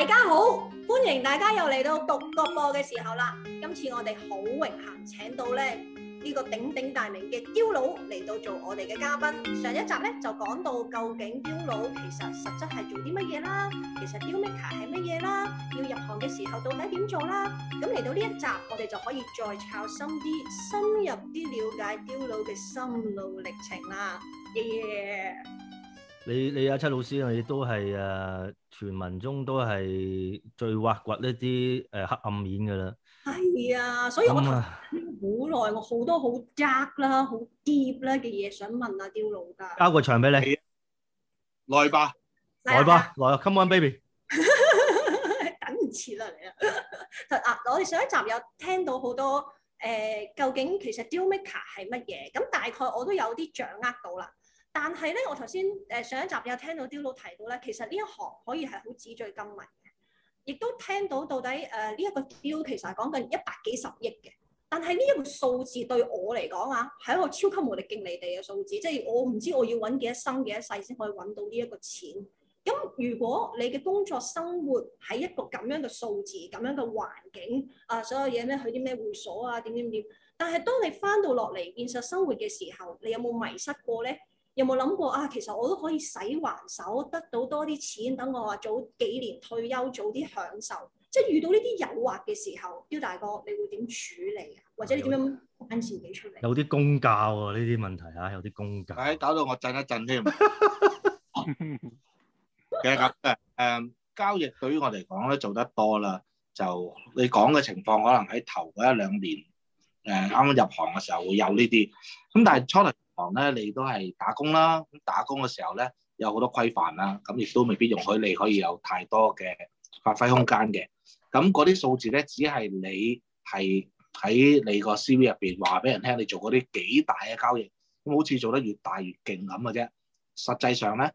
大家好，歡迎大家又嚟到獨角播嘅時候啦。今次我哋好榮幸請到咧呢個鼎鼎大名嘅刁佬嚟到做我哋嘅嘉賓。上一集咧就講到究竟刁佬其實實質係做啲乜嘢啦，其實刁 maker 係乜嘢啦，要入行嘅時候到底點做啦。咁嚟到呢一集，我哋就可以再炒深啲，深入啲了解刁佬嘅心路歷程啦。耶！你你阿七老師，你都係誒傳聞中都係最挖掘呢啲誒黑暗面嘅啦。係啊，所以、嗯、我好耐，我好多好 dark 啦、好 deep 啦嘅嘢想問阿刁佬噶。交個場俾你 on, 來吧，來吧，來啊，Come on baby，等唔切啦，你，啦。啊，我哋上一集有聽到好多誒、呃，究竟其實刁米卡係乜嘢？咁大概我都有啲掌握到啦。但係咧，我頭先誒上一集有聽到刁佬提到咧，其實呢一行可以係好紙醉金迷嘅，亦都聽到到底誒呢一個刁其實係講緊一百幾十億嘅。但係呢一個數字對我嚟講啊，係一個超級無力勁你哋嘅數字，即係我唔知我要揾幾多生幾多世先可以揾到呢一個錢。咁如果你嘅工作生活喺一個咁樣嘅數字、咁樣嘅環境啊，所有嘢咩去啲咩會所啊，點點點。但係當你翻到落嚟現實生活嘅時候，你有冇迷失過咧？有冇諗過啊？其實我都可以使還手，得到多啲錢，等我話早幾年退休，早啲享受。即係遇到呢啲誘惑嘅時候，刁大哥，你會點處理啊？或者你樣點樣揾錢俾出嚟？有啲公教喎呢啲問題嚇、啊，有啲公教、啊。誒，搞到我震一震添。其實咁嘅誒交易對於我嚟講咧，做得多啦，就你講嘅情況，可能喺頭嗰一兩年誒啱啱入行嘅時候會有呢啲。咁但係初頭。咧，你都係打工啦。咁打工嘅時候咧，有好多規範啦，咁亦都未必容許你可以有太多嘅發揮空間嘅。咁嗰啲數字咧，只係你係喺你個 CV 入邊話俾人聽，你做嗰啲幾大嘅交易。咁好似做得越大越勁咁嘅啫。實際上咧，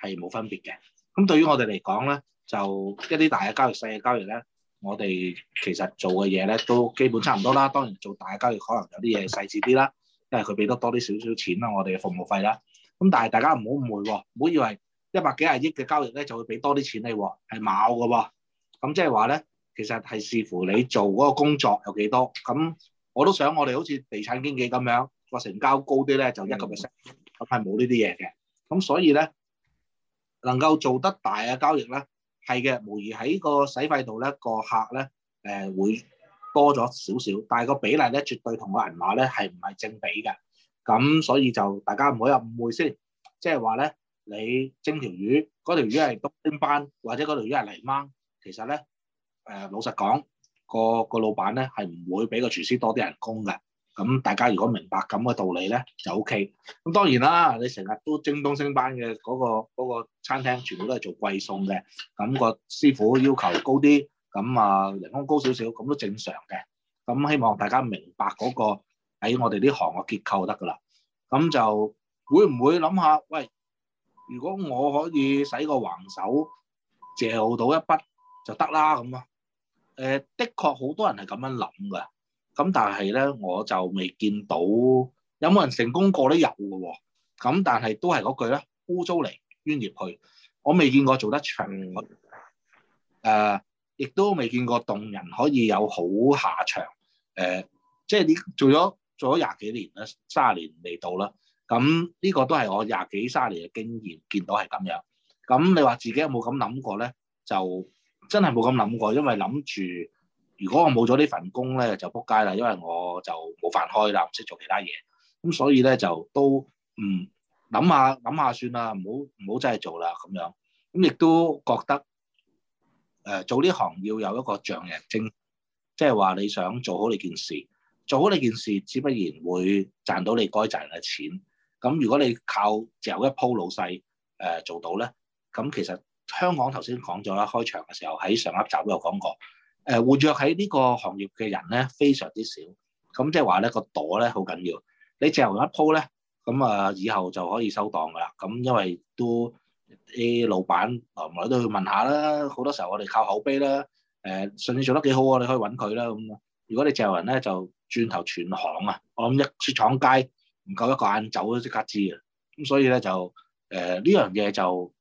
係冇分別嘅。咁對於我哋嚟講咧，就一啲大嘅交易、細嘅交易咧，我哋其實做嘅嘢咧都基本差唔多啦。當然，做大嘅交易可能有啲嘢細緻啲啦。即係佢俾得多啲少少錢啦，我哋嘅服務費啦。咁但係大家唔好誤會，唔好以為一百幾廿億嘅交易咧就會俾多啲錢你，係冇嘅。咁即係話咧，其實係視乎你做嗰個工作有幾多。咁我都想我哋好似地產經紀咁樣，個成交高啲咧就一個 percent，係冇呢啲嘢嘅。咁所以咧，能夠做得大嘅交易咧，係嘅，無疑喺個使費度咧個客咧，誒、呃、會多咗少少，但係個比例咧，絕對同個銀碼咧係唔係正比嘅，咁所以就大家唔好有誤會先，即係話咧，你蒸條魚，嗰條魚係東星斑或者嗰條魚係泥鯭，其實咧誒、呃、老實講，個個老闆咧係唔會俾個廚師多啲人工嘅，咁大家如果明白咁嘅道理咧就 O K，咁當然啦，你成日都蒸東星斑嘅嗰、嗰個嗰個餐廳全部都係做貴餸嘅，咁、個師傅要求高啲。咁啊、嗯，人工高少少，咁都正常嘅。咁、嗯、希望大家明白嗰個喺我哋呢行嘅結構就得噶啦。咁、嗯、就會唔會諗下，喂，如果我可以使個橫手借到一筆就得啦咁啊？誒、嗯嗯，的確好多人係咁樣諗㗎。咁、嗯、但係咧，我就未見到有冇人成功過得有嘅喎。咁、嗯、但係都係嗰句咧，污糟嚟，冤孽去。我未見過做得長嘅，呃亦都未見過動人可以有好下場，誒、呃，即係你做咗做咗廿幾年啦，三十年未到啦，咁、嗯、呢、這個都係我廿幾三十年嘅經驗，見到係咁樣。咁、嗯、你話自己有冇咁諗過咧？就真係冇咁諗過，因為諗住如果我冇咗呢份工咧，就仆街啦，因為我就冇飯開啦，唔識做其他嘢，咁、嗯、所以咧就都唔諗、嗯、下諗下算啦，唔好唔好真係做啦咁樣。咁、嗯、亦都覺得。誒、呃、做呢行要有一個匠人精，即係話你想做好呢件事，做好呢件事，自不然會賺到你該賺嘅錢。咁、嗯、如果你靠有一鋪老細誒、呃、做到咧，咁、嗯、其實香港頭先講咗啦，開場嘅時候喺上一集都有講過，誒、呃、活躍喺呢個行業嘅人咧，非常之少。咁即係話咧，個朵咧好緊要，你借頭一鋪咧，咁、嗯、啊、呃、以後就可以收檔噶啦。咁、嗯、因為都。啲老闆來唔來都去問下啦，好多時候我哋靠口碑啦，誒、呃，上次做得幾好啊，你可以搵佢啦咁。如果你借人咧，就轉頭全行啊，我諗一出雪廠街唔夠一個眼走都即刻知啊。咁所以咧就誒呢、呃、樣嘢就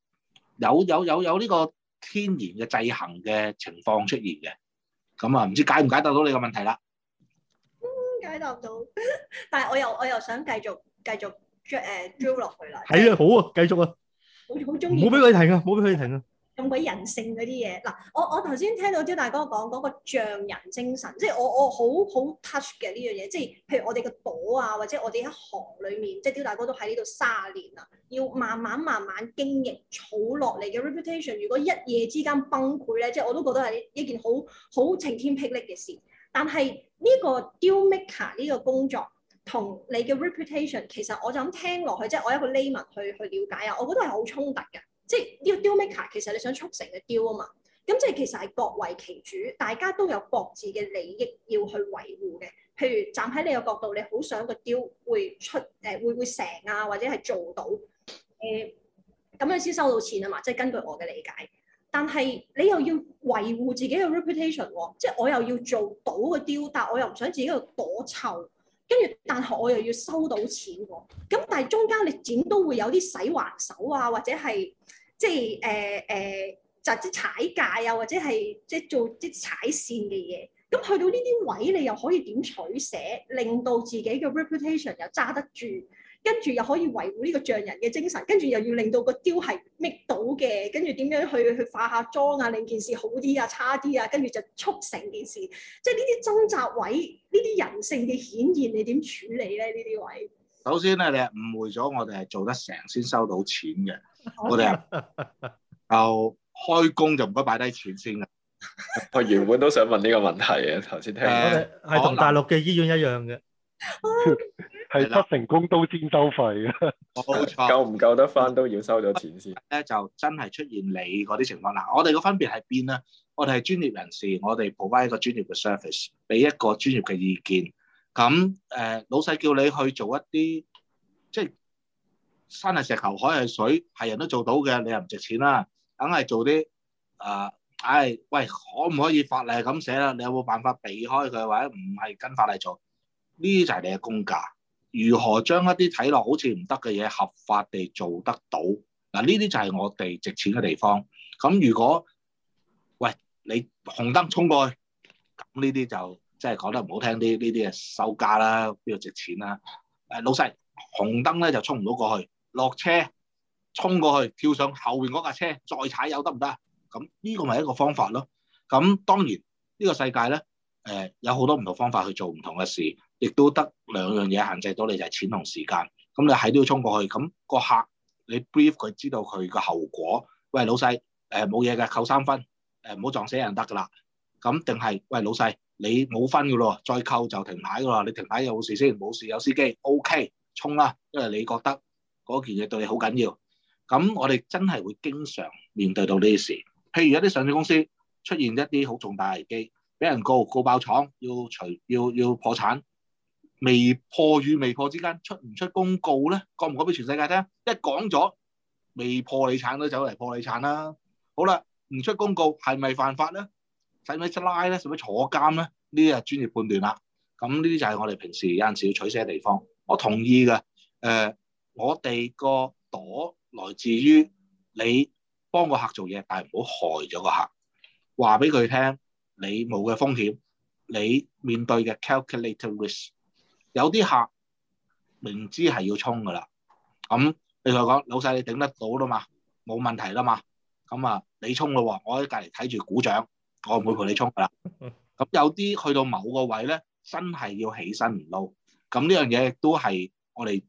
有有有有呢個天然嘅制衡嘅情況出現嘅。咁啊唔知解唔解答到你個問題啦、嗯。唔解答到，但係我又我又想繼續繼續追誒追落去啦。係啊，好啊，繼續啊。好好中意，冇俾佢停啊！冇俾佢停啊！咁鬼人性嗰啲嘢，嗱，我我頭先聽到刁大哥講嗰個匠人精神，即係我我好好 touch 嘅呢樣嘢，即係譬如我哋個朵啊，或者我哋喺行裡面，即係刁大哥都喺呢度卅年啦，要慢慢慢慢經營、儲落嚟嘅 reputation，如果一夜之間崩潰咧，即係我都覺得係一件好好晴天霹靂嘅事。但係呢個 dealmaker 呢個工作，同你嘅 reputation，其實我就咁聽落去即係，我一個 layman 去去了解啊，我覺得係好衝突嘅，即係呢個 deal maker 其實你想促成嘅 deal 啊嘛，咁即係其實係各為其主，大家都有各自嘅利益要去維護嘅。譬如站喺你嘅角度，你好想個 deal 會出誒會唔會成啊，或者係做到誒咁、呃、樣先收到錢啊嘛，即係根據我嘅理解。但係你又要維護自己嘅 reputation、哦、即係我又要做到個 deal，但我又唔想自己喺度躲臭。跟住，但係我又要收到錢喎、哦。咁但係中間你點都會有啲洗橫手啊，或者係即係誒誒，就、呃、啲、呃、踩界啊，或者係即係做即係踩線嘅嘢。咁、嗯、去到呢啲位，你又可以點取捨，令到自己嘅 reputation 又揸得住？跟住又可以維護呢個匠人嘅精神，跟住又要令到個雕係搣到嘅，跟住點樣去去化下妝啊？令件事好啲啊，差啲啊？跟住就促成件事，即係呢啲掙扎位，呢啲人性嘅顯現，你點處理咧？呢啲位首先咧，你係誤會咗我哋係做得成先收到錢嘅， 我哋啊，就開工就唔該擺低錢先嘅。我 原本都想問呢個問題嘅，頭先聽係同、嗯、大陸嘅醫院一樣嘅。 係不成功都先收費嘅，冇錯， 夠唔夠得翻都要收咗錢先。咧就真係出現你嗰啲情況嗱、啊，我哋個分別係邊咧？我哋係專業人士，我哋 provide 一個專業嘅 service，俾一個專業嘅意見。咁誒、呃，老細叫你去做一啲即係山係石頭海係水，係人都做到嘅，你又唔值錢啦，梗係做啲誒，唉、呃哎，喂，可唔可以法例咁寫啦？你有冇辦法避開佢，或者唔係跟法例做？呢啲就係你嘅公價。如何將一啲睇落好似唔得嘅嘢合法地做得到？嗱，呢啲就係我哋值錢嘅地方。咁如果喂你紅燈衝過去，咁呢啲就即係講得唔好聽啲，呢啲啊收家啦，邊度值錢啦？誒老細紅燈咧就衝唔到過去，落車衝過去跳上後邊嗰架車再踩油得唔得啊？咁呢個咪一個方法咯。咁當然呢個世界咧，誒，呃，有好多唔同方法去做唔同嘅事。亦都得兩樣嘢限制到你，就係錢同時間。咁你喺都要衝過去，咁個客你 brief 佢知道佢個後果。喂，老細，誒冇嘢嘅，扣三分，誒唔好撞死人得噶啦。咁定係，喂老細，你冇分噶咯，再扣就停牌噶啦。你停牌有冇事先？冇事有司機，OK，衝啦，因為你覺得嗰件嘢對你好緊要。咁我哋真係會經常面對到呢啲事。譬如一啲上市公司出現一啲好重大危機，俾人告告爆廠，要除要要破產。未破與未破之間，出唔出公告咧？講唔講俾全世界聽？一講咗，未破你產都走嚟破你產啦。好啦，唔出公告係咪犯法咧？使唔使拉咧？使唔使坐監咧？呢啲係專業判斷啦。咁呢啲就係我哋平時有陣時要取捨嘅地方。我同意嘅。誒，我哋個朵來自於你幫個客做嘢，但係唔好害咗個客。話俾佢聽，你冇嘅風險，你面對嘅 calculated risk。有啲客明知係要衝噶啦，咁、嗯，你同佢講，老細你頂得到啦嘛，冇問題啦嘛，咁、嗯、啊，你衝嘅話，我喺隔離睇住鼓掌，我唔會陪你衝噶啦。咁、嗯、有啲去到某個位咧，真係要起身唔撈，咁、嗯、呢樣嘢亦都係我哋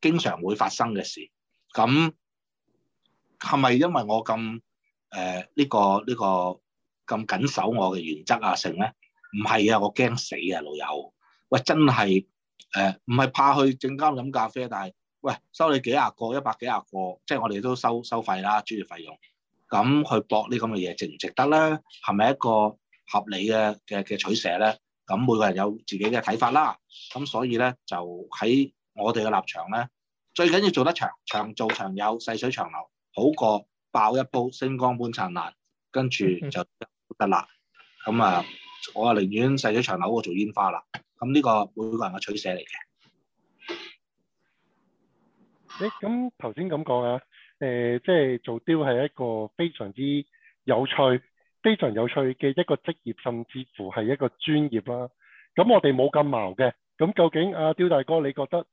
經常會發生嘅事。咁係咪因為我咁誒呢個呢、這個咁緊守我嘅原則啊成咧？唔係啊，我驚死啊老友，喂，真係～誒，唔係、呃、怕去正監飲咖啡，但係喂收你幾廿個、一百幾廿個，即係我哋都收收費啦，專業費用，咁去搏呢咁嘅嘢，值唔值得咧？係咪一個合理嘅嘅嘅取捨咧？咁每個人有自己嘅睇法啦。咁所以咧，就喺我哋嘅立場咧，最緊要做得長，長做長有，細水長流，好過爆一波星光般燦爛，跟住就得啦。咁啊，我啊寧願細水長流過做煙花啦。咁呢個每個人嘅取捨嚟嘅。誒，咁頭先咁講啊，誒，即係做刁係一個非常之有趣、非常有趣嘅一個職業，甚至乎係一個專業啦。咁我哋冇咁矛嘅。咁究竟阿刁大哥，你覺得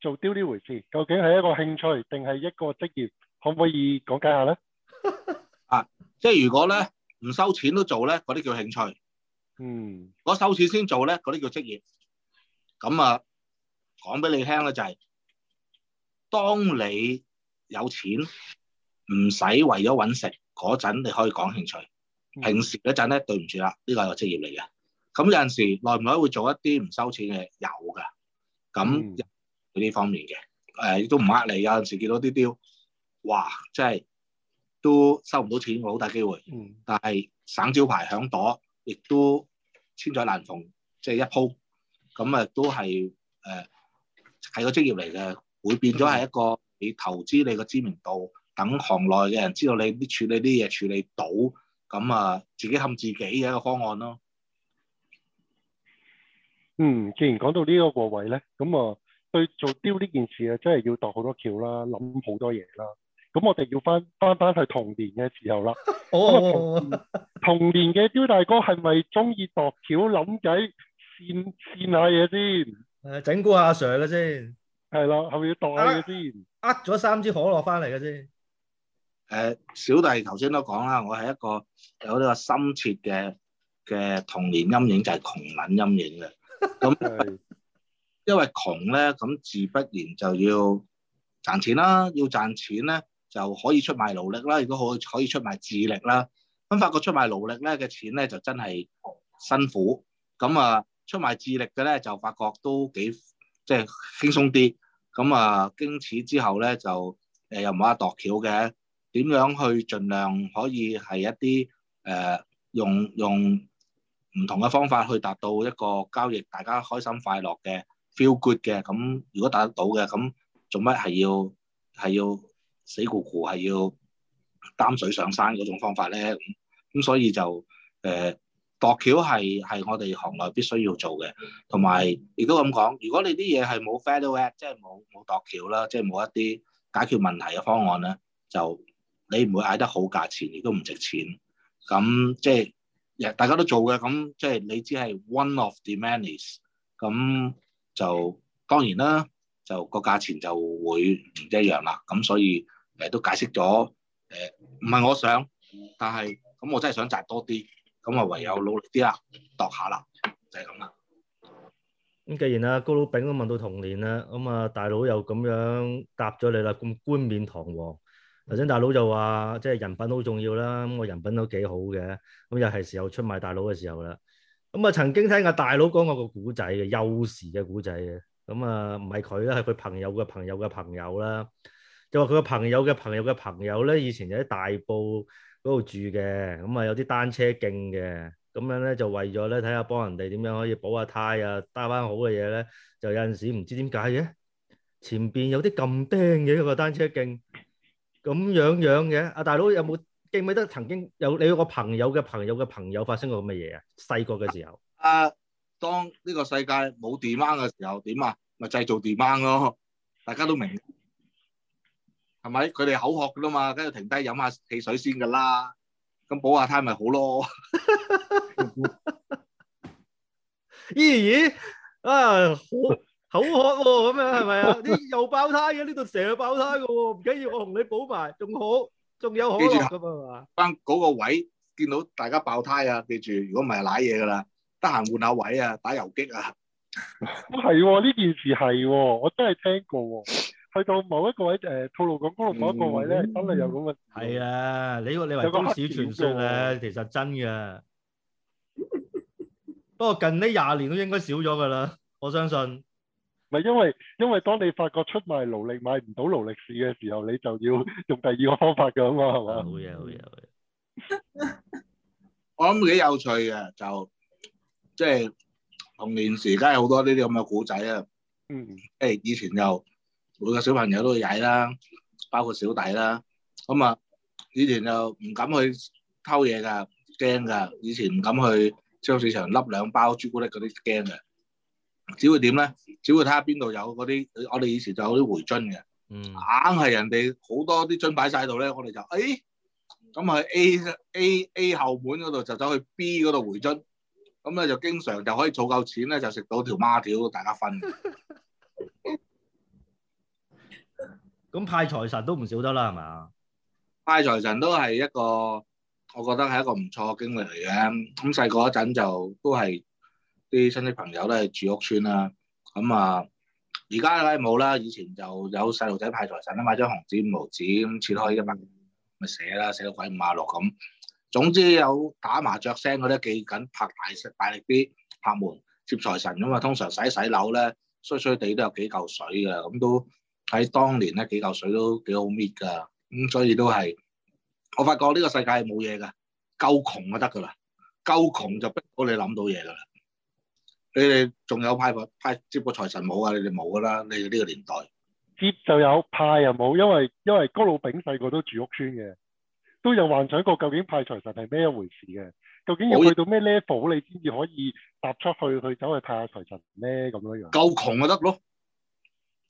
做刁呢回事，究竟係一個興趣定係一個職業？可唔可以講解下咧？啊，即係如果咧唔收錢都做咧，嗰啲叫興趣。嗯，我收錢先做咧，嗰啲叫職業。咁啊，講俾你聽咧就係、是，當你有錢唔使為咗搵食嗰陣，你可以講興趣。平時嗰陣咧，對唔住啦，呢、這個係個職業嚟嘅。咁有陣時耐唔耐會做一啲唔收錢嘅有㗎，咁呢方面嘅，誒、呃、亦都唔呃你。有陣時見到啲刁，哇，即係都收唔到錢，好大機會。嗯、但係省招牌響朵，亦都。千載難逢，即係一鋪，咁啊都係誒係個職業嚟嘅，會變咗係一個你投資你個知名度，等行內嘅人知道你啲處理啲嘢處理到，咁啊自己冚自己嘅一個方案咯、啊。嗯，既然講到個呢一個位咧，咁啊對做刁呢件事啊，真係要度好多橋啦，諗好多嘢啦。咁我哋要翻翻翻去童年嘅時候啦。哦，童年嘅刁大哥係咪中意度橋諗計，串串下嘢、啊、先？誒，整蠱阿 Sir 嘅先。係咯、啊，係咪要度下嘢先？呃咗三支可樂翻嚟嘅先。誒，小弟頭先都講啦，我係一個有呢個深切嘅嘅童年陰影，就係窮撚陰影嘅。咁 因為窮咧，咁的自不然就要賺錢啦。要賺錢咧。就可以出賣勞力啦，如果可以可以出賣智力啦。咁發覺出賣勞力咧嘅錢咧就真係辛苦，咁、嗯、啊出賣智力嘅咧就發覺都幾即係輕鬆啲。咁、嗯、啊經此之後咧就誒、呃、又唔好話度橋嘅，點樣去盡量可以係一啲誒、呃、用用唔同嘅方法去達到一個交易，大家開心快樂嘅 feel good 嘅。咁、嗯、如果達得到嘅，咁做乜係要係要？死咕咕係要擔水上山嗰種方法咧，咁所以就誒、呃、度橋係係我哋行內必須要做嘅，同埋亦都咁講，如果你啲嘢係冇 value add，即係冇冇度橋啦，即係冇一啲解決問題嘅方案咧，就你唔會嗌得好價錢，亦都唔值錢。咁即係大家都做嘅，咁即係你只係 one of the many，咁就當然啦，就個價錢就會唔一樣啦。咁所以，誒都解釋咗，誒唔係我想，但係咁、嗯、我真係想賺多啲，咁、嗯、啊唯有努力啲啦，度下啦，就係咁啦。咁既然啊高佬炳都問到童年啦，咁、嗯、啊大佬又咁樣答咗你啦，咁冠冕堂皇，頭先大佬就話，即係人品好重要啦，咁我人品都幾好嘅，咁、嗯、又係時候出賣大佬嘅時候啦。咁、嗯、啊曾經聽阿、啊、大佬講過個古仔嘅，幼時嘅古仔嘅，咁、嗯、啊唔係佢啦，係佢朋友嘅朋友嘅朋，朋友啦。就話佢個朋友嘅朋友嘅朋友咧，以前就喺大埔嗰度住嘅，咁、嗯、啊有啲單車徑嘅，咁樣咧就為咗咧睇下幫人哋點樣可以補下胎啊，得翻好嘅嘢咧，就有陣時唔知點解嘅，前邊有啲撳釘嘅個單車徑，咁樣樣嘅。阿、啊、大佬有冇記唔記得曾經有你有個朋友嘅朋友嘅朋,朋友發生過咁嘅嘢啊？細個嘅時候啊，啊，當呢個世界冇 demand 嘅時候點啊，咪製造 demand 咯，大家都明。係咪？佢哋口渴噶啦嘛，跟住停低飲下汽水先噶啦。咁、嗯、補下胎咪好咯。咦咦啊，口口渴喎，咁樣係咪啊？啲 又爆胎嘅，呢度成日爆胎噶喎，唔緊要，我同你補埋，仲好，仲有好。記住嘛，返嗰個位，見到大家爆胎啊，記住，如果唔係瀨嘢噶啦，得閒換下位啊，打游擊啊。係呢、 哦哦、件事係、哦，我真係聽過、哦。 去到某一個位，誒，透露個功能某一個位咧，真係有咁嘅。係啊，你話你話都市傳說咧，其實真嘅。不過近呢廿年都應該少咗噶啦，我相信。唔係因為因為當你發覺出賣勞力買唔到勞力士嘅時候，你就要用第二個方法嘅嘛，係嘛？好嘅，好嘅，好嘅。我諗幾有趣嘅，就即係童年時梗係好多呢啲咁嘅古仔啊。嗯。誒，以前又～每個小朋友都會曳啦，包括小弟啦。咁、嗯、啊，以前就唔敢去偷嘢噶，驚噶。以前唔敢去超市場粒兩包朱古力嗰啲驚嘅，只會點咧？只會睇下邊度有嗰啲。我哋以前就有啲回樽嘅，硬係、嗯、人哋好多啲樽擺晒度咧。我哋就誒、咁、哎、去 A A A 後門嗰度就走去 B 嗰度回樽。咁咧就經常就可以儲夠錢咧，就食到條孖條，大家分。 咁派財神都唔少得啦，係嘛？派財神都係一個，我覺得係一個唔錯嘅經歷嚟嘅。咁細個嗰陣就都係啲親戚朋友都係住屋村啦。咁啊，而家咧冇啦。以前就有細路仔派財神啦，買張紅紙、五毛紙咁切開嘅嘛，咪寫啦，寫到鬼五馬六咁。總之有打麻雀聲嗰啲記緊拍大色大力啲拍門接財神噶嘛。通常洗洗樓咧衰衰地都有幾嚿水嘅，咁都。喺當年咧，幾嚿水都幾好搣噶，咁所以都係我發覺呢個世界冇嘢噶，夠窮就得噶啦，夠窮就逼到你諗到嘢噶啦。你哋仲有派派接過財神冇啊？你哋冇噶啦，你哋呢個年代接就有派又冇，因為因為高佬炳細個都住屋村嘅，都有幻想過究竟派財神係咩一回事嘅？究竟要去到咩 level 你先至可以踏出去去走去派下財神咩？咁樣樣夠窮就得咯。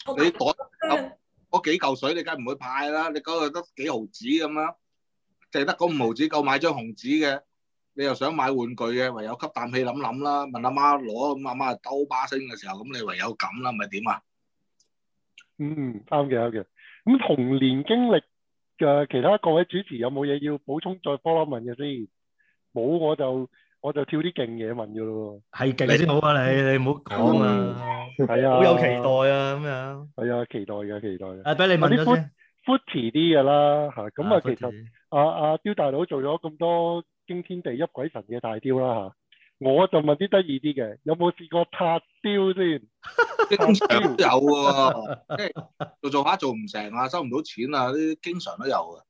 你袋嗰幾嚿水，你梗係唔會派啦。你嗰度得幾毫紙咁啦，淨係得嗰五毫紙夠買張紅紙嘅，你又想買玩具嘅，唯有吸啖氣諗諗啦。問阿媽攞，咁阿媽兜巴星嘅時候，咁你唯有咁啦，咪點啊？嗯，啱嘅，啱嘅。咁童年經歷嘅其他各位主持有冇嘢要補充再 follow 問嘅先？冇我就。我就跳啲勁嘢問噶咯喎，係勁嘅先好啊！你你唔好講啊，係啊，好有期待啊咁樣。係啊，期待嘅，期待。啊，俾你問一啲 footy 啲嘅啦吓。咁啊，其實阿阿刁大佬做咗咁多驚天地泣鬼神嘅大刁啦吓，我就問啲得意啲嘅，有冇試過拍刁先？啲通常都有喎，即係做做下做唔成啊，收唔到錢啊，呢啲經常都有嘅。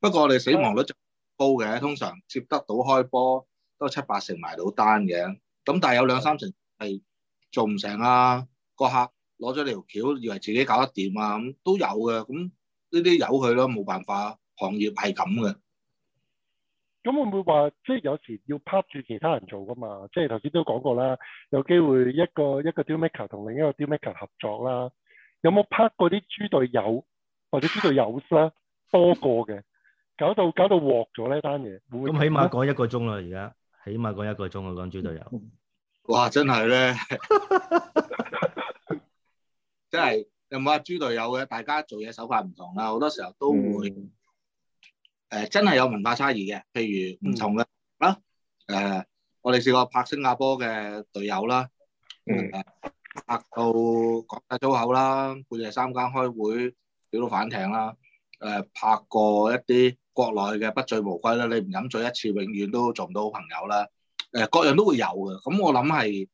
不過我哋死亡率就高嘅，通常接得到開波，都七八成埋到單嘅，咁但係有兩三成係做唔成啦。個客攞咗條橋，以為自己搞得掂啊，咁都有嘅。咁呢啲由佢咯，冇辦法，行業係咁嘅。咁會唔會話即係有時要拍住其他人做㗎嘛？即係頭先都講過啦，有機會一個一個 dealmaker 同另一個 dealmaker 合作啦。有冇拍過啲豬隊友或者豬隊友啦多過嘅，搞到搞到鑊咗呢單嘢？咁起碼講一個鐘啦，而家。起碼講一個鐘啊，講豬隊友，哇！真係咧， 真係有冇啊？豬隊友嘅大家做嘢手法唔同啦，好多時候都會誒、嗯呃，真係有文化差異嘅。譬如唔同嘅啦，誒、嗯呃，我哋試過拍新加坡嘅隊友啦，誒、呃，拍到港式粗口啦，半夜三更開會，屌到反艇啦，誒、呃，拍過一啲。國內嘅不醉無歸啦，你唔飲醉一次，永遠都做唔到好朋友啦。誒，各樣都會有嘅。咁我諗係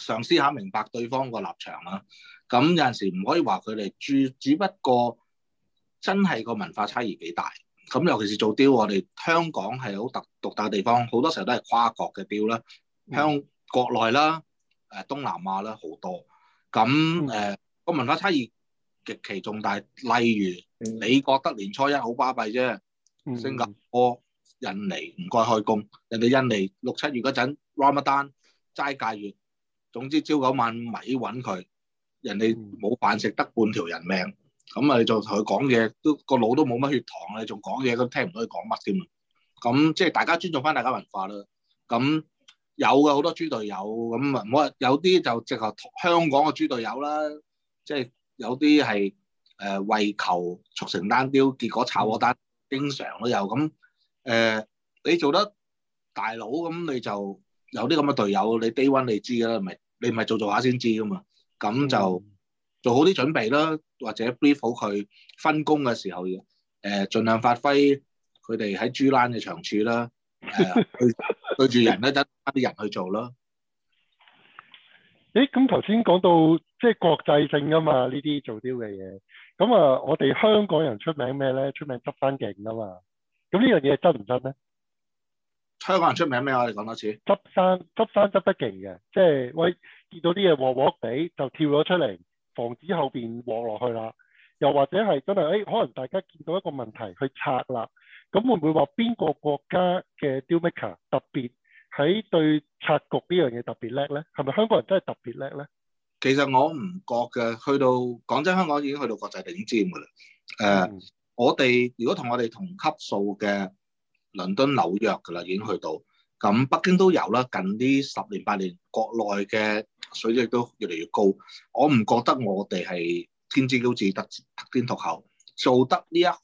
嘗試下明白對方個立場啦。咁有陣時唔可以話佢哋住，只不過真係個文化差異幾大。咁尤其是做刁，我哋香港係好特獨大嘅地方，好多時候都係跨國嘅刁啦。香國內啦，誒，東南亞啦好多。咁誒，個文化差異極其重大。例如，你覺得年初一好巴閉啫？新加坡、印尼唔該開工，人哋印尼六七月嗰陣 Ramadan 齋戒月，總之朝九晚五，咪搵佢，人哋冇飯食得半條人命，咁啊，你仲同佢講嘢，都個腦都冇乜血糖，你仲講嘢，都聽唔到佢講乜添。咁即係大家尊重翻大家文化啦。咁有嘅好多豬隊友，咁啊，有啲就直頭香港嘅豬隊友啦，即係有啲係。誒，為求促成單刁，結果炒鍋單，經常都有咁。誒、呃，你做得大佬咁，你就有啲咁嘅隊友，你 day one 你知噶啦，唔係你唔係做做下先知噶嘛。咁就做好啲準備啦，或者 brief 好佢分工嘅時候，誒、呃，盡量發揮佢哋喺珠欄嘅長處啦、呃。 對住人咧，得翻啲人去做啦。誒，咁頭先講到即係國際性啊嘛，呢啲做刁嘅嘢。咁啊、嗯，我哋香港人出名咩咧？出名執生勁噶嘛。咁呢樣嘢真唔真咧？香港人出名咩？我哋講多次，執生執生執得勁嘅，即係喂見到啲嘢鑊鑊地就跳咗出嚟，防止後邊鑊落去啦。又或者係真係喺、欸、可能大家見到一個問題去拆啦，咁會唔會話邊個國家嘅 Dealmaker 特別喺對拆局呢樣嘢特別叻咧？係咪香港人真係特別叻咧？其實我唔覺嘅，去到講真，香港已經去到國際頂尖嘅啦。誒、呃，我哋、嗯、如果同我哋同級數嘅，倫敦、紐約嘅啦，已經去到。咁北京都有啦。近呢十年八年，國內嘅水準都越嚟越高。我唔覺得我哋係天之驕子得天獨厚，做得呢一行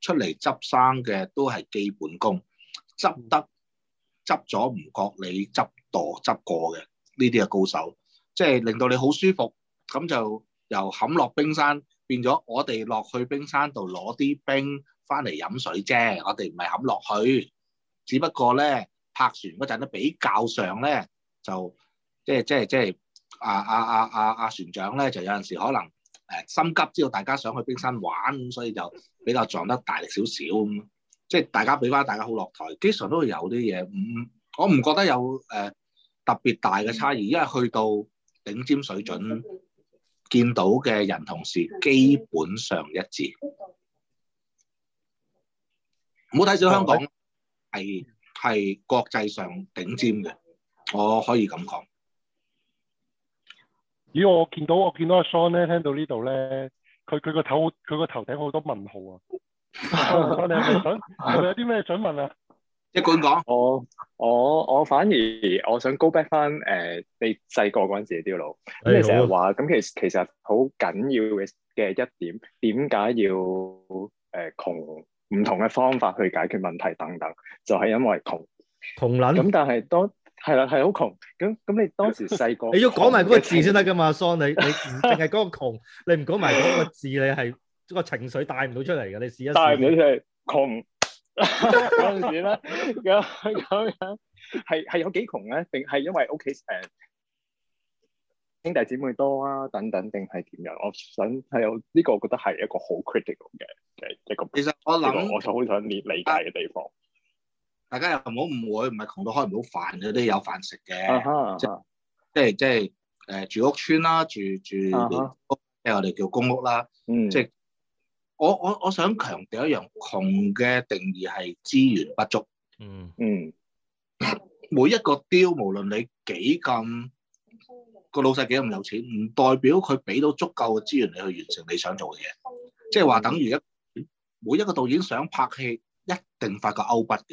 出嚟執生嘅都係基本功，執得執咗唔覺你執墮執過嘅，呢啲係高手。即係令到你好舒服，咁就由冚落冰山變咗，我哋落去冰山度攞啲冰翻嚟飲水啫。我哋唔係冚落去，只不過咧泊船嗰陣咧比較上咧就即係即係即係啊啊啊啊啊！船長咧就有陣時可能誒、呃、心急，知道大家想去冰山玩，咁所以就比較撞得大力少少咁。即係大家俾翻大家好落台，經常都會有啲嘢，唔我唔覺得有誒、呃、特別大嘅差異，因為去到。頂尖水準見到嘅人同事基本上一致，唔好睇小香港，係係國際上頂尖嘅，我可以咁講。咦！我見到我見到阿 Son 咧，聽到呢度咧，佢佢個頭佢個頭頂好多問號啊！你係咪想係咪有啲咩想問啊？一管講，我我我反而我想 go back 翻，誒，欸、你細個嗰陣嘅刁佬你成日話咁，其實其實好緊要嘅嘅一點，點解要誒窮唔同嘅方法去解決問題等等，就係、是、因為窮窮捻。咁人但係當係啦，係好窮。咁咁你當時細 個， 你個，你要講埋嗰個字先得噶嘛？桑你你淨係講窮，你唔講埋嗰個字，你係個情緒帶唔到出嚟噶。你試一試，帶唔到出嚟窮。嗰陣 時咧，咁咁樣係係有幾窮咧？定係因為屋企誒兄弟姊妹多啊？等等，定係點樣？我想係呢、這個，我覺得係一個好 critical 嘅、嘅一個。其實我諗，我就好想理理解嘅地方。大家又唔好誤會，唔係窮到開唔到飯，佢都有飯食嘅，即係即係誒住屋村啦，住住屋即係、uh huh. 我哋叫公屋啦，即係。我我我想強調一樣窮嘅定義係資源不足。嗯、mm. 嗯，每一個刁，無論你幾咁個老細幾咁有錢，唔代表佢俾到足夠嘅資源你去完成你想做嘅嘢。即係話等於一每一個導演想拍戲，一定發個歐筆嘅，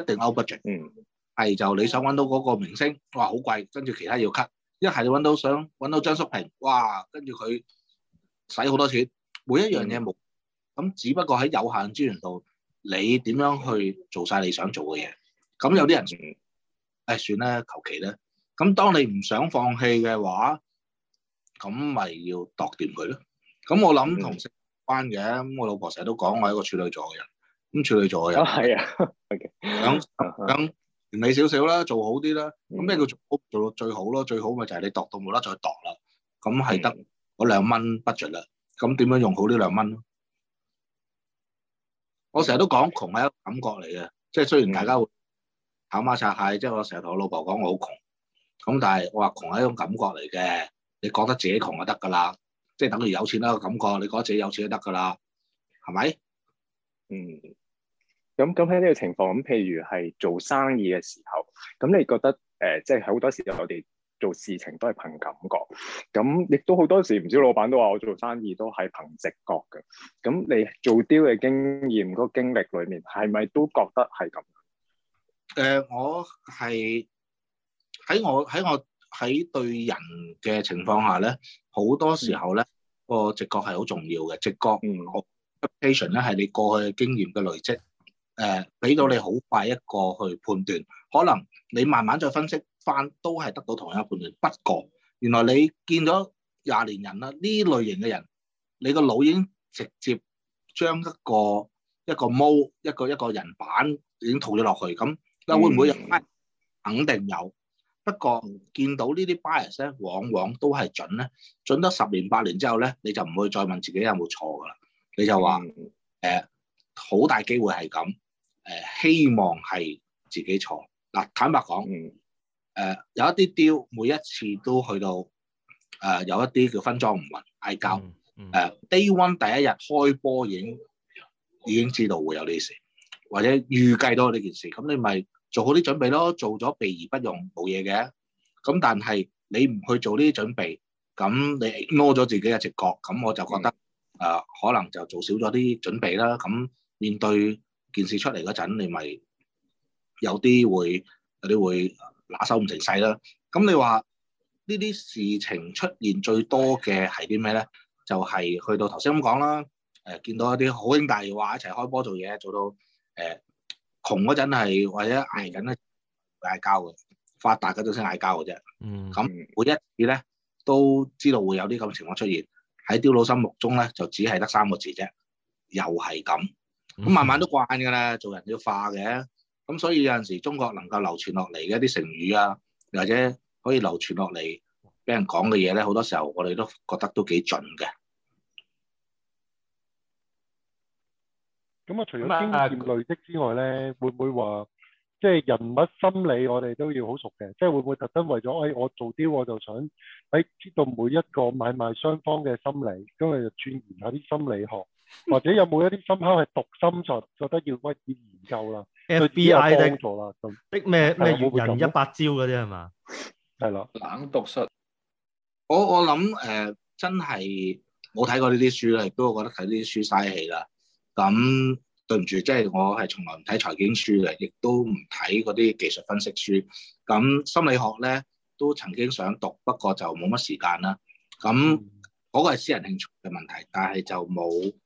一定歐筆住。嗯，係就你想搵到嗰個明星，哇好貴，跟住其他要 cut。一係你搵到想搵到張叔平，哇，跟住佢使好多錢，每一樣嘢冇。Mm. 咁只不過喺有限資源度，你點樣去做晒你想做嘅嘢？咁有啲人仲唉算啦，求其咧。咁當你唔想放棄嘅話，咁咪要度掂佢咯。咁我諗同相關嘅。咁我老婆成日都講我係一個處女座嘅人。咁處女座嘅人啊係啊，咁咁完美少少啦，做好啲啦。咁咩叫做好，做到最好咯？最好咪就係你度到冇得再度啦。咁係得嗰兩蚊不著啦。咁點樣用好呢兩蚊？我成日都講窮係一種感覺嚟嘅，即係雖然大家會跑馬擦鞋，即係我成日同我老婆講我好窮，咁但係我話窮係一種感覺嚟嘅，你講得自己窮就得噶啦，即係等於有錢啦個感覺，你講得自己有錢都得噶啦，係咪？嗯。咁咁喺呢個情況，咁譬如係做生意嘅時候，咁你覺得誒，即係好多時候我哋。做事情都係憑感覺，咁亦都好多時唔少老闆都話我做生意都係憑直覺嘅。咁你做 deal 嘅經驗個經歷裏面係咪都覺得係咁？誒，我係喺我喺我喺對人嘅情況下咧，好多時候咧個直覺係好重要嘅。直覺，嗯，operation 咧係你過去嘅經驗嘅累積，誒，俾到你好快一個去判斷，可能你慢慢再分析。翻都係得到同樣嘅判斷，不過原來你見咗廿年人啦，呢類型嘅人，你個腦已經直接將一個一個毛一個一個人板已經套咗落去，咁又會唔會？嗯、肯定有，不過見到呢啲 bias 咧，往往都係準咧，準得十年八年之後咧，你就唔會再問自己有冇錯㗎啦，你就話誒好大機會係咁，誒、呃、希望係自己錯嗱、呃、坦白講。嗯誒、呃，有一啲刁，每一次都去到誒、呃，有一啲叫分贓唔勻，嗌交。誒、嗯嗯呃、Day One 第一日開波已經已經知道會有呢事，或者預計到呢件事，咁、嗯、你咪做好啲準備咯。做咗避而不用冇嘢嘅。咁、嗯嗯、但係你唔去做呢啲準備，咁、嗯、你 ignore 咗自己嘅直覺，咁我就覺得誒，可能就做少咗啲準備啦。咁、嗯、面對件事出嚟嗰陣，你咪有啲會，有啲會。拿手唔成世啦，咁你話呢啲事情出現最多嘅係啲咩咧？就係、是、去到頭先咁講啦，誒、呃、見到一啲好兄弟話一齊開波做嘢，做到誒、呃、窮嗰陣係或者嗌緊咧嗌交嘅，發達嗰陣先嗌交嘅啫。嗯、mm，咁、hmm. 每一次咧都知道會有啲咁嘅情況出現，喺刁佬心目中咧就只係得三個字啫，又係咁，咁慢慢都慣㗎喇，做人要化嘅。咁所以有陣時中國能夠流傳落嚟嘅一啲成語啊，或者可以流傳落嚟俾人講嘅嘢咧，好多時候我哋都覺得都幾準嘅。咁啊，除咗經驗累積之外咧，會唔會話即係人物心理我哋都要好熟嘅？即係會唔會特登為咗誒我做啲我就想喺知道每一個買賣雙方嘅心理，咁啊鑽研下啲心理學？或者有冇一啲深刻去讀心術，覺得要開始研究啦？FBI 幫助啦咁逼咩咩人一百招嗰啲係嘛？係咯的，冷讀術。我我諗誒、呃，真係冇睇過呢啲書啦，亦都覺得睇呢啲書嘥氣啦。咁對唔住，即、就、係、是、我係從來唔睇財經書嘅，亦都唔睇嗰啲技術分析書。咁心理學咧都曾經想讀，不過就冇乜時間啦。咁嗰、那個係私人興趣嘅問題，但係就冇。那個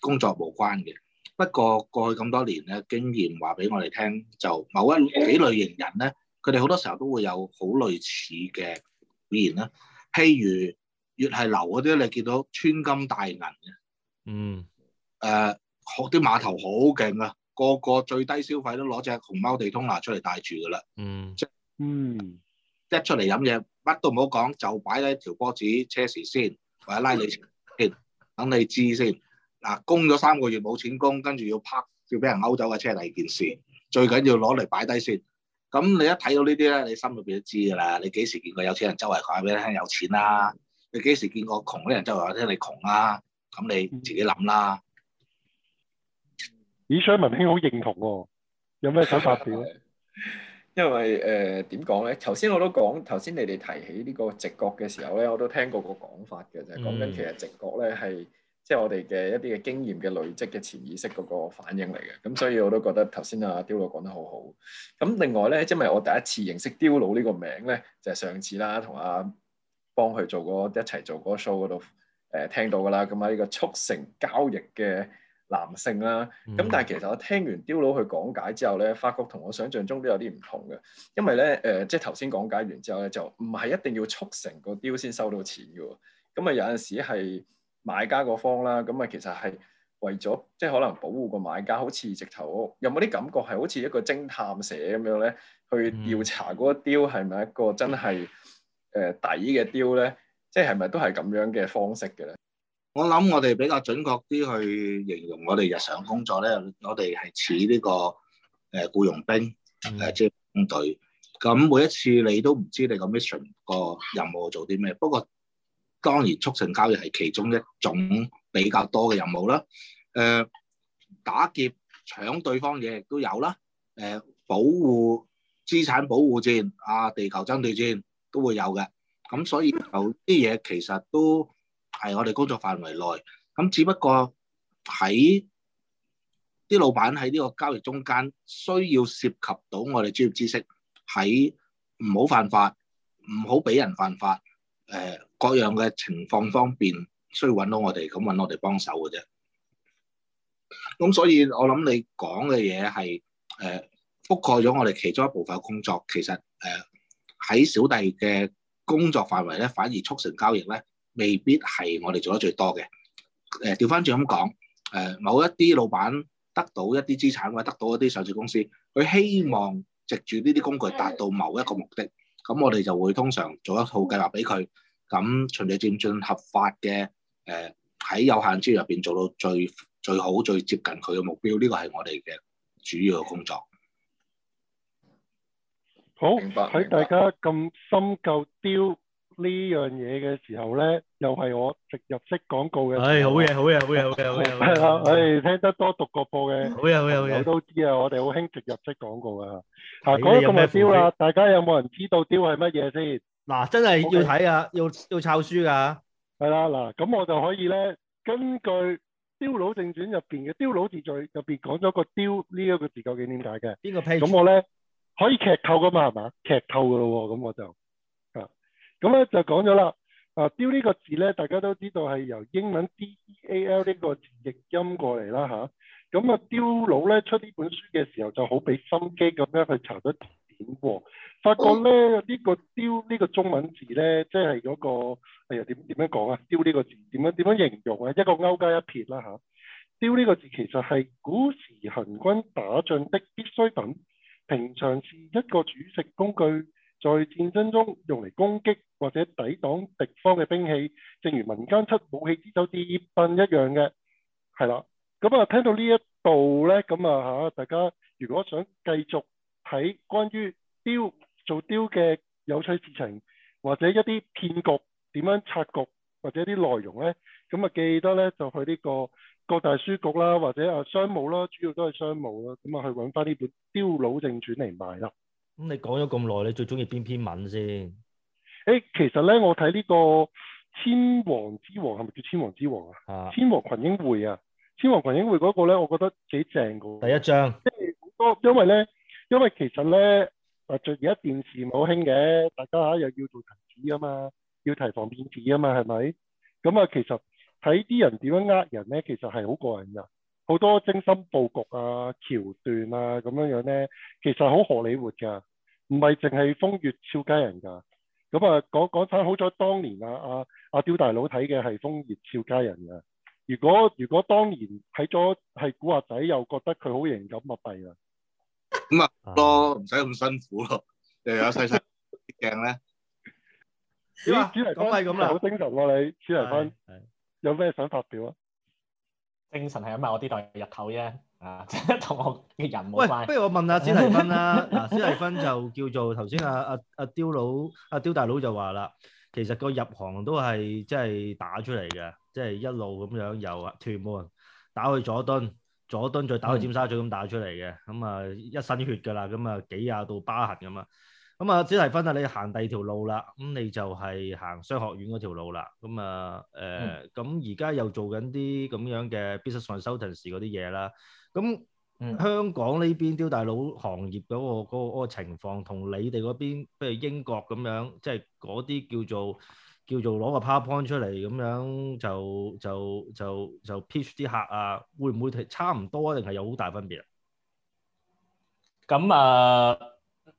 工作無關嘅，不過過去咁多年咧，經驗話俾我哋聽，就某一幾類型人咧，佢哋好多時候都會有好類似嘅語言咧。譬如越係流嗰啲，你見到穿金戴銀嘅，嗯，誒學啲碼頭好勁啊，個個最低消費都攞隻熊貓地通拿出嚟帶住㗎啦，嗯，即係嗯一出嚟飲嘢，乜都唔好講，就擺低條波子車匙先，或者拉你先，等你知先。啊！供咗三個月冇錢供，跟住要拍，要俾人勾走嘅車，係第二件事最緊要攞嚟擺低先。咁你一睇到呢啲咧，你心裏邊都知㗎啦。你幾時見過有錢人周圍講俾你聽有錢啦、啊？你幾時見過窮啲人周圍講聽你窮啦、啊？咁你自己諗啦。咦、嗯？張文兄好認同喎，有咩想發表咧？因為誒點講咧？頭、呃、先我都講，頭先你哋提起呢個直覺嘅時候咧，我都聽過個講法嘅就係，講緊其實直覺咧係。即係我哋嘅一啲嘅經驗嘅累積嘅潛意識嗰個反應嚟嘅，咁所以我都覺得頭先阿刁佬講得好好。咁另外咧，因為我第一次認識刁佬呢個名咧，就係、是、上次啦，同阿幫佢做嗰、那個、一齊做嗰 show 嗰度誒聽到噶啦。咁啊呢個促成交易嘅男性啦，咁、嗯、但係其實我聽完刁佬去講解之後咧，發覺同我想像中都有啲唔同嘅，因為咧誒、呃，即係頭先講解完之後咧，就唔係一定要促成個刁先收到錢嘅喎，咁啊有陣時係。買家嗰方啦，咁啊其實係為咗即係可能保護個買家，好似直頭有冇啲感覺係好似一個偵探社咁樣咧，去調查嗰個刁係咪一個真係誒抵嘅刁咧？即係咪都係咁樣嘅方式嘅咧？我諗我哋比較準確啲去形容我哋日常工作咧，我哋係似呢個誒僱傭兵誒、嗯、即係軍隊，咁每一次你都唔知你個 mission 個任務做啲咩，不過。當然促成交易係其中一種比較多嘅任務啦。誒、呃、打劫搶對方嘢亦都有啦。誒、呃、保護資產，保護戰啊，地球爭對戰都會有嘅。咁所以有啲嘢其實都係我哋工作範圍內。咁只不過喺啲老闆喺呢個交易中間需要涉及到我哋專業知識，喺唔好犯法，唔好俾人犯法。誒，各樣嘅情況方面需要揾到我哋，咁揾我哋幫手嘅啫。咁所以，我諗你講嘅嘢係誒，覆蓋咗我哋其中一部分嘅工作。其實誒，喺小弟嘅工作範圍咧，反而促成交易咧，未必係我哋做得最多嘅。誒，掉返轉咁講，誒，某一啲老闆得到一啲資產或者得到一啲上市公司，佢希望藉住呢啲工具達到某一個目的。咁我哋就會通常做一套計劃俾佢，咁循序漸進合法嘅，誒喺有限資入邊做到最最好、最接近佢嘅目標，呢個係我哋嘅主要工作。好，喺大家咁深究刁呢樣嘢嘅時候咧，又係我植入式廣告嘅。誒，好嘢，好嘢，好嘢，好嘢，好嘢。係啦，我哋聽得多獨角播嘅，好有好有嘅，我都知啊，我哋好興植入式廣告啊。嗱，講咗咁多雕啦、啊，大家有冇人知道雕係乜嘢先？嗱、啊，真係要睇啊，Okay. 要要抄書噶、啊。係啦，嗱、啊，咁我就可以咧，根據《雕佬正傳》入邊嘅《雕佬字序》入邊講咗個雕呢一個，個字究竟點解嘅。邊個 page？咁我咧可以劇透噶嘛？係嘛？劇透噶咯喎，咁我就啊，咁咧就講咗啦。啊，雕呢、啊、個字咧，大家都知道係由英文 deal 呢個譯音過嚟啦，吓、啊。咁啊，刁佬咧出呢本書嘅時候就好俾心機咁樣去查咗字典喎，發覺咧呢、這個刁呢、這個中文字咧，即係嗰、那個係啊點點樣講啊？刁呢個字點樣點樣形容啊？一個勾加一撇啦嚇。刁、啊、呢個字其實係古時行軍打仗的必需品，平常是一個主食工具，在戰爭中用嚟攻擊或者抵擋敵方嘅兵器，正如民間出武器之首的盾一樣嘅，係啦。咁啊、嗯，聽到一呢一度咧，咁啊嚇，大家如果想繼續睇關於刁做刁嘅有趣事情，或者一啲騙局點樣拆局，或者啲內容咧，咁、嗯、啊記得咧就去呢、這個各大書局啦，或者啊商務啦，主要都係商務啦。咁、嗯、啊去揾翻呢本《刁佬正傳》嚟買啦。咁你講咗咁耐，你最中意邊篇文先？誒、欸，其實咧，我睇呢個《千王之王》係咪叫《千王之王》啊？啊《千王群英會》啊？天王群英會嗰個咧，我覺得幾正噶第一章，即係好多，因為咧，因為其實咧，啊，最近而家電視冇好興嘅，大家又要做投資啊嘛，要提防騙子啊嘛，係咪？咁、嗯、啊，其實睇啲人點樣呃人咧，其實係好過癮噶，好多精心布局啊、橋段啊咁樣樣咧，其實好荷里活噶，唔係淨係風月俏佳人噶咁、嗯、啊，講講真，好彩當年啊啊阿刁、啊、大佬睇嘅係風月俏佳人噶如果如果當然睇咗係古惑仔，又覺得佢好型咁密閉啦！咁啊，多唔使咁辛苦咯。又，有細細鏡咧？咦，史提芬，好精神喎你！史提芬，有咩想發表啊？精神係因為我啲代入口啫，啊，即係同學嘅人。喂，不如我問下史提芬啦。嗱，史提芬就叫做頭先阿阿阿刁佬，阿刁大佬就話啦，其實個入行都係即係打出嚟嘅。即係一路咁樣由屯門打去佐敦，佐敦再打去尖沙咀咁打出嚟嘅，咁啊、嗯嗯、一身血㗎啦，咁、嗯、啊幾廿度疤痕咁啊，咁、嗯、啊，史提芬啊，你行第二條路啦，咁、嗯、你就係行商學院嗰條路啦，咁啊誒，咁而家又在做緊啲咁樣嘅 business consultancy 嗰啲嘢啦，咁、嗯嗯、香港呢邊刁大佬行業嗰、嗰個嗰、嗰個嗰個、情況，同你哋嗰邊譬如英國咁樣，即係嗰啲叫做，叫做攞個 PowerPoint 出嚟咁樣就就就就 pitch 啲客啊，會唔會係差唔多啊？定係有好大分別啊？咁啊、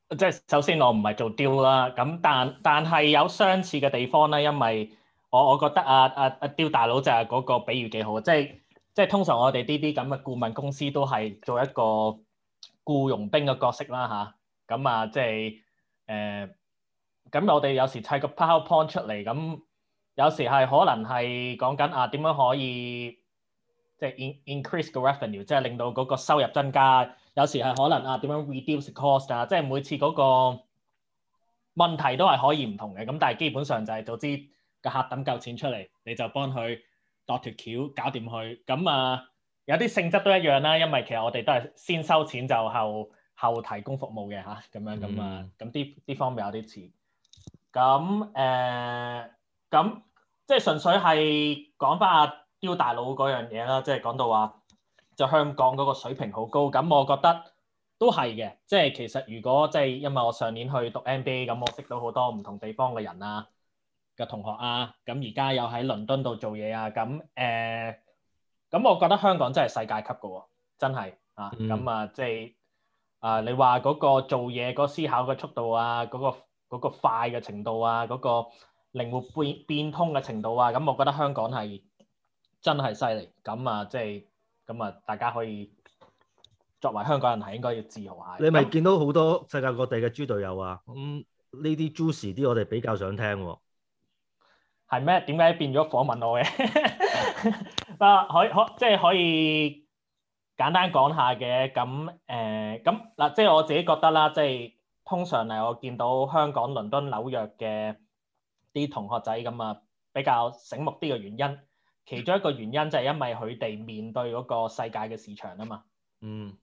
呃，即係首先我唔係做刁啦，咁但但係有相似嘅地方咧，因為我我覺得啊啊啊刁大佬就係嗰個比喻幾好，即係即係通常我哋呢啲咁嘅顧問公司都係做一個僱傭兵嘅角色啦吓，咁啊即係誒。呃咁我哋有時砌個 PowerPoint 出嚟，咁有時係可能係講緊啊點樣可以即係、就是、increase 個 Revenue，即係令到嗰個收入增加。有時係可能啊點樣 reduce cost 啊，cost，即係每次嗰個問題都係可以唔同嘅。咁但係基本上就係早知個客等夠錢出嚟，你就幫佢度條橋搞掂佢。咁啊有啲性質都一樣啦，因為其實我哋都係先收錢就後後提供服務嘅吓，咁樣咁啊，咁啲啲方面有啲似。咁誒，咁、呃、即係純粹係講翻阿刁大佬嗰樣嘢啦，即係講到話，就香港嗰個水平好高。咁我覺得都係嘅，即係其實如果即係因為我上年去讀 MBA，咁我識到好多唔同地方嘅人啊，嘅同學啊，咁而家又喺倫敦度做嘢啊，咁誒，咁、呃、我覺得香港真係世界級嘅喎，真係啊，咁啊、嗯，即係啊、呃，你話嗰個做嘢嗰思考嘅速度啊，嗰、嗰個。嗰個快嘅程度啊，嗰、嗰個靈活變變通嘅程度啊，咁我覺得香港係真係犀利，咁啊、即係，即係咁啊，大家可以作為香港人係應該要自豪下。你咪見到好多世界各地嘅豬隊友啊，咁呢啲 juicy 啲我哋比較想聽喎、啊。係咩？點解變咗訪問我嘅？啊，可可即係可以簡單講下嘅，咁誒，咁、呃、嗱，即係我自己覺得啦，即係。通常嚟我見到香港、倫敦、紐約嘅啲同學仔咁啊，比較醒目啲嘅原因，其中一個原因就係因為佢哋面對嗰個世界嘅市場啊嘛。嗯，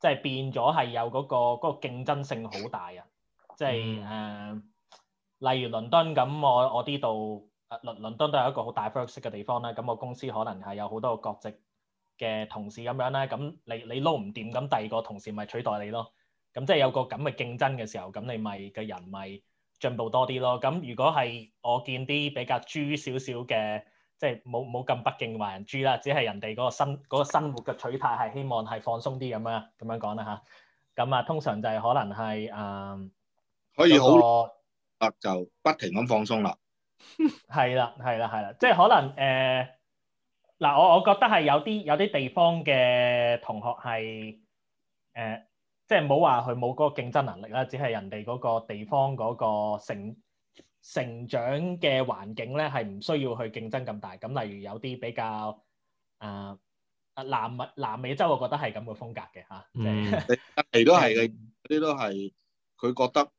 即係變咗係有嗰個嗰個競爭性好大啊！即係誒、嗯呃，例如倫敦咁，我我呢度倫倫敦都有一個好大 diversity 嘅地方啦。咁我公司可能係有好多個國籍嘅同事咁樣啦。咁你你撈唔掂，咁第二個同事咪取代你咯。咁即係有個咁嘅競爭嘅時候，咁你咪嘅人咪進步多啲咯。咁如果係我見啲比較豬少少嘅，即係冇冇咁不敬話人豬啦，只係人哋嗰個，嗰個生嗰個生活嘅取態係希望係放鬆啲咁樣。咁樣講啦吓，咁啊，通常就係可能係誒，嗯、可以好啊、這個、就不停咁放鬆啦。係 啦，係啦，係啦，即係可能誒嗱、呃，我我覺得係有啲有啲地方嘅同學係誒。呃即係唔好話佢冇嗰個競爭能力啦，只係人哋嗰個地方嗰個成成長嘅環境咧，係唔需要去競爭咁大。咁例如有啲比較啊啊、呃、南美南美洲，我覺得係咁個風格嘅吓。嗯，你得 都係嘅，嗰啲都係佢覺得誒、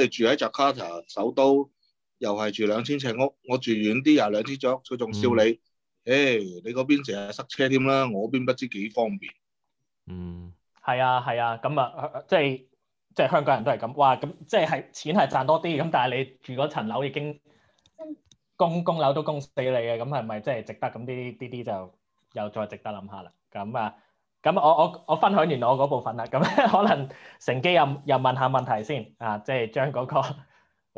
欸、住喺 Jakarta 首都又係住兩千尺屋，我住遠啲又係兩千尺屋，佢仲笑你誒、嗯欸、你嗰邊成日塞車添啦，我邊不知幾方便。嗯。係啊，係啊，咁啊，即係即係香港人都係咁，哇！咁即係係錢係賺多啲，咁但係你住嗰層樓已經供供樓都供死你嘅，咁係咪即係值得？咁呢啲呢啲就又再值得諗下啦。咁啊，咁我我我分享完我嗰部分啦。咁可能乘機又又問下問題先啊，即係將嗰個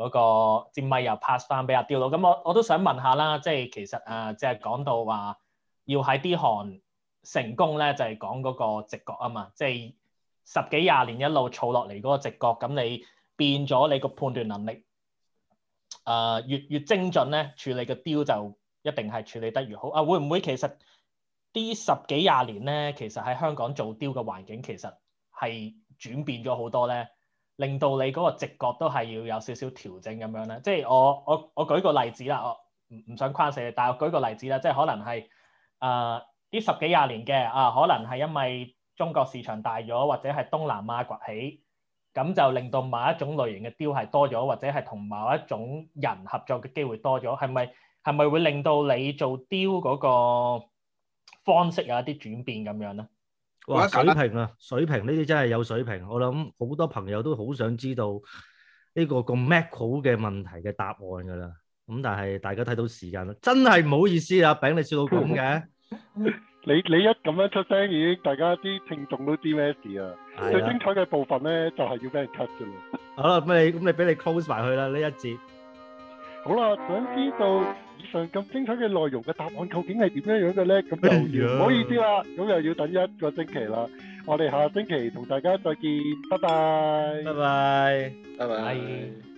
嗰個支咪又 pass 翻俾阿刁佬。咁我我都想問下啦，即係其實誒、啊，即係講到話要喺啲項。成功咧就係講嗰個直覺啊嘛，即係十幾廿年一路儲落嚟嗰個直覺。咁你變咗你個判斷能力，誒、呃、越越精準咧，處理個刁就一定係處理得越好啊。會唔會其實啲十幾廿年咧，其實喺香港做刁嘅環境其實係轉變咗好多咧，令到你嗰個直覺都係要有少少調整咁樣咧。即係我我我舉個例子啦，我唔唔想誇死你，但係我舉個例子啦，即係可能係誒。呃呢十幾廿年嘅啊，可能係因為中國市場大咗，或者係東南亞崛起，咁就令到某一種類型嘅刁係多咗，或者係同某一種人合作嘅機會多咗，係咪係咪會令到你做刁嗰個方式有一啲轉變咁樣咧？哇！水平啊，水平呢啲真係有水平。我諗好多朋友都好想知道呢、這個咁 macro 嘅問題嘅答案㗎啦。咁但係大家睇到時間啦，真係唔好意思啊，餅你笑到咁嘅～你你一咁樣出聲，已經大家啲聽眾都知咩事啊！最精彩嘅部分咧，就係要俾人 cut 噶啦。好啦，咁你咁你俾你 close 埋去啦呢一節。好啦，想知道以上咁精彩嘅內容嘅答案究竟係點樣樣嘅咧？咁又唔好意思啦，咁又要等一個星期啦。我哋下星期同大家再見，拜拜，拜拜，拜拜。